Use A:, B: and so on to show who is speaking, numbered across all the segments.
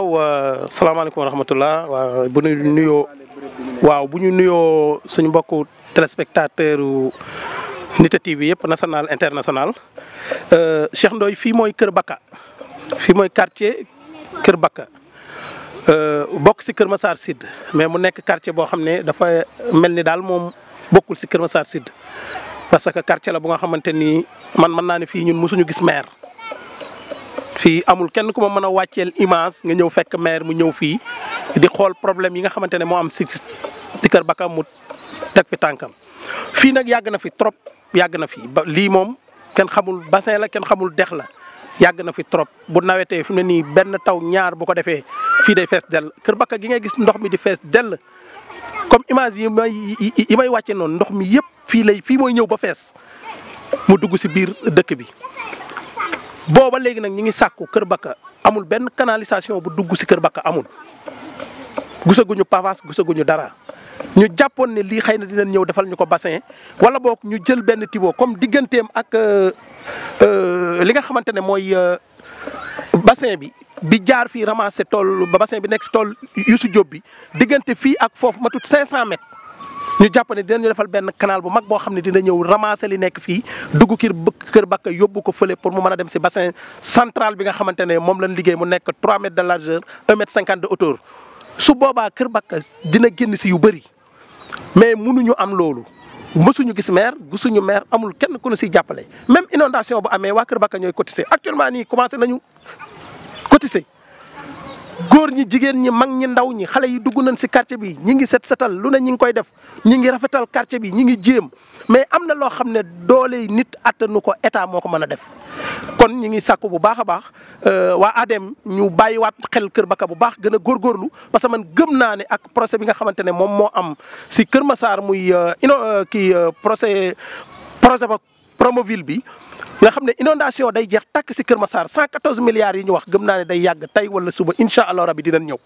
A: waaw salaamaaleykum wa rahmatullah waaw bu ñu nuyo waaw bu ñu nuyo suñu mbokk téléspectateur Nite TV yépp national international euh, Cheikh ndoy fi moy Kër Bakka fi moy quartier Kër Bakka euh, bok ci Kër Massar sid mais mu nekk quartier bo xamné dafa melni dal mom bokul ci Massar sid parce que quartier la bu nga xamanteni man man na ni fi ñun musuñu gis maire. fii amul kenn ku ma mën a wàcceel image nga ñëw fekk maire mu ñëw fii di xool problème yi nga xamante ne moo am si si Kër bakka mu teg fi tànkam fii nag yàgg na fi trop yàgg na fi ba lii moom kenn xamul bassin la kenn xamul dex la yàgg na fi trop bu nawetee fi mu ne nii benn taw ñaar bu ko defee fii day fees dell Kër Baka gi nga gis ndox mi di fees dell comme image yi may yi may wàcce noonu ndox mi yëpp fii lay fii mooy ñëw ba fees mu dugg si biir dëkk bi booba léegi nag ñu ngi sàkku Kër Bakka amul benn canalisation bu dugg si Kër Bakka amul gusaguñu pavas gusaguñu dara ñu jàppoon ni lii xëy na dinañ ñëw defal ñu ko bassin wala boog ñu jël benn tibo comme digganteem ak euh, euh, li nga xamante ne mooy euh, bassin bi bi jaar fii ramasser tool ba bassin bi nekk si yu su Diop bi diggante fii ak foofu matut 500 mètres. ñu jàpp ne dinañu defal benn canal bu mag boo xam ne dina ñëw ramasser li nekk fii dugg kër kër bakka yóbbu ko fële pour mu mën a dem si bassin central bi nga xamante ne moom lañ liggéey mu nekk 3 mètres de largeur 1 mètre 50 de hauteur su boobaa kër bakka dina génn si yu bëri mais mënuñu am loolu. mësuñu gis maire gisuñu maire amul kenn ku ñu siy jàppale même inondation bu amee waa Kër Bakka ñooy cotiser actuellement nii commencé nañu cotiser. góor ñi jigéen ñi mag ñi ndaw ñi xale yi dugg nañ si quartier bi ñi ngi set setal lu ne ñi ngi koy def ñi ngi rafetal quartier bi ñi ngi jéem mais am na loo xam ne doole nit attanu ko état moo ko mën a def. kon ñi ngi sàkku bu baax a baax euh, waa ADM ñu bàyyiwaat xel Kër Baka bu baax gën a góor góorlu parce que man gëm naa ne ak procès bi nga xamante ne moom moo am si Kër Massar muy euh, ino euh, kii procès projet ba promoville bi nga xam ne inondation day jeex takk si Kër Massar 114 milliards yi ñu wax gëm naa day yàgg tey wala suba incha allah rabi dinañ ñëw.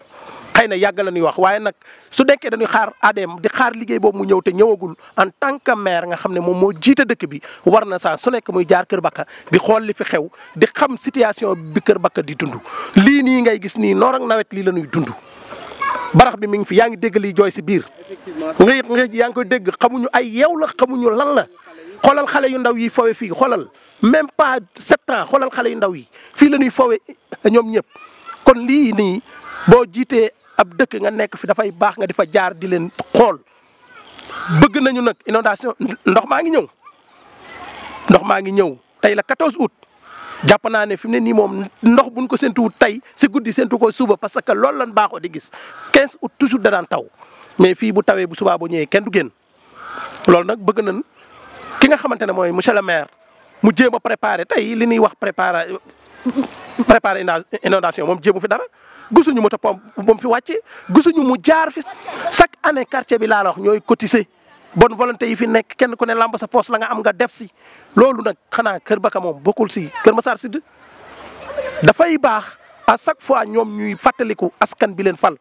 A: xëy na yàgg la ñuy wax waaye nag su denkee dañuy xaar ADM di xaar liggéey boobu mu ñëw te ñëwagul en tant que maire nga xam ne moom moo jiite dëkk bi war na saa su nekk muy jaar Kër Bakka di xool li fi xew di xam situation bi Kër Bakka di dund. lii nii ngay gis nii noor ak nawet lii la ñuy dund barax bi mi ngi fi yaa ngi dégg liy jooy si biir nga yit nga yaa ngi koy dégg xamuñu ay yeew la xamuñu lan la. xoolal xale yu ndaw yi fowe fii xoolal même pas sept xoolal xale yu ndaw yi fii la ñuy fowe ñoom ñëpp kon lii nii boo jiitee ab dëkk nga nekk fi dafay baax nga defa jaar di leen xool bëgg nañu nag inondation ndox maa ngi ñëw ndox maa ngi ñëw tey la 14 août jàpp naa ne fi mu ne nii moom ndox buñ ko wut tey si guddi séntu ko suba parce que loolu lan baaxoo di gis 15 août toujours da daan taw mais fii bu tawee bu subaa bu ñëwee kenn du génn loolu nag bëgg nañ ki nga xamante ne mooy monsieur le maire mu jéem a préparé tey li ñuy wax préparer préparer inondation moom jéemu fi dara gisuñu moto pompe ba fi wàcce gisuñu mu jaar fi chaque année quartier bi laa la wax ñooy cotiser bon volonté yi fi nekk kenn ku ne lamb sa poos la nga am nga def si loolu nag xanaa Kër Baka moom bokkul si Kër Massar Sud dafay baax à chaque fois ñoom ñuy fàttaliku askan bi leen fal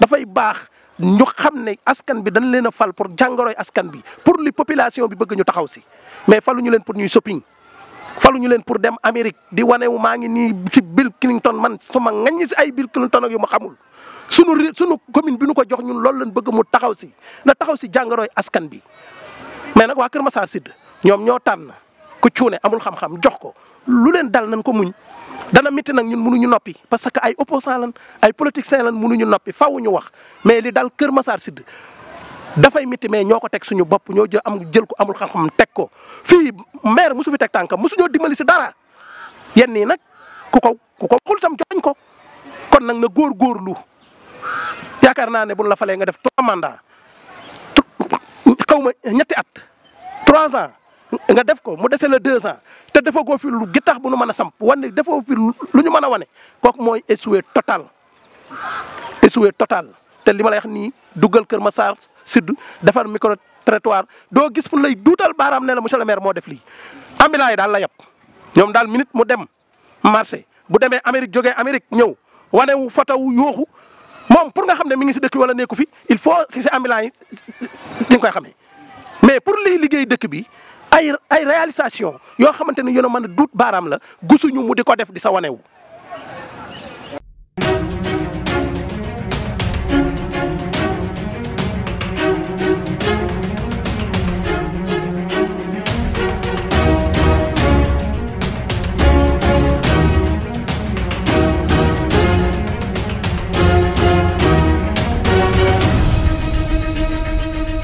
A: dafay baax. ñu xam ne askan bi dañ leen a fal pour jàngoroy askan bi pour li population bi bëgg ñu taxaw si mais faluñu leen pour ñuy shopping ñu leen pour dem Amérique di wane wu maa ngi nii ci Bill Clinton man suma ngañ si ay Bill Clinton ak yu ma xamul sunu sunu commune bi nu ko jox ñun loolu lañ bëgg mu taxaw si na taxaw si jàngoroy askan bi mais nag waa Kër Massar Sud ñoom ñoo tànn ku cuune amul xam-xam jox ko lu leen dal nañ ko muñ. dana métti nag ñun mënuñu noppi parce que ay opposants lan ay politiciens lan mënuñu noppi faaw ñu wax mais li dal Kër Massar Sud dafay métti mais ñoo ko teg suñu bopp ñoo jël am jël ko amul xam-xam teg ko fii maire mosu fi teg tànkam mosu ñoo dimbali si dara yenn nii nag ku ko ku ko xul tam joxañ ko kon nag na góor-góorlu yaakaar naa ne buñ la falee nga def trois mandats xaw ma ñetti at trois ans. nga def ko mu desee la deux ans te dafa goo fi lu gittax bu nu mën a samp wane defoo fi lu ñu mën a wane kooku mooy échoué total échoué total te li ma lay wax nii duggal Kër ma Massar Sud defar micro trottoir doo gis fu lay duutal baaraam ne la monsieur le maire moo def lii ambulant yi daal la yab ñoom daal minute mu dem marché bu demee Amérique jógee Amérique ñëw wane wu foto wu yooxu moom pour nga xam ne mi ngi si dëkk bi wala nekku fi il faut si si ambulant yi di nga koy dëkk bi. ay ay réalisation yoo xamante ni yéen a mën a duut baaraam la gusuñu mu di ko def di sa wanewu